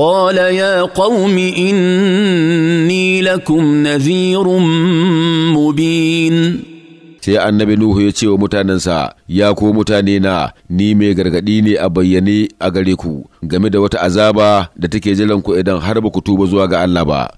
قال يا قوم إني لكم نذير مبين sai annabi Nuhu ya ce wa mutanensa, Ya ko mutane na, ni mai gargaɗi ne a bayyane a gare ku, game da wata azaba da take jiran ku idan har ba ku tuba zuwa ga Allah ba.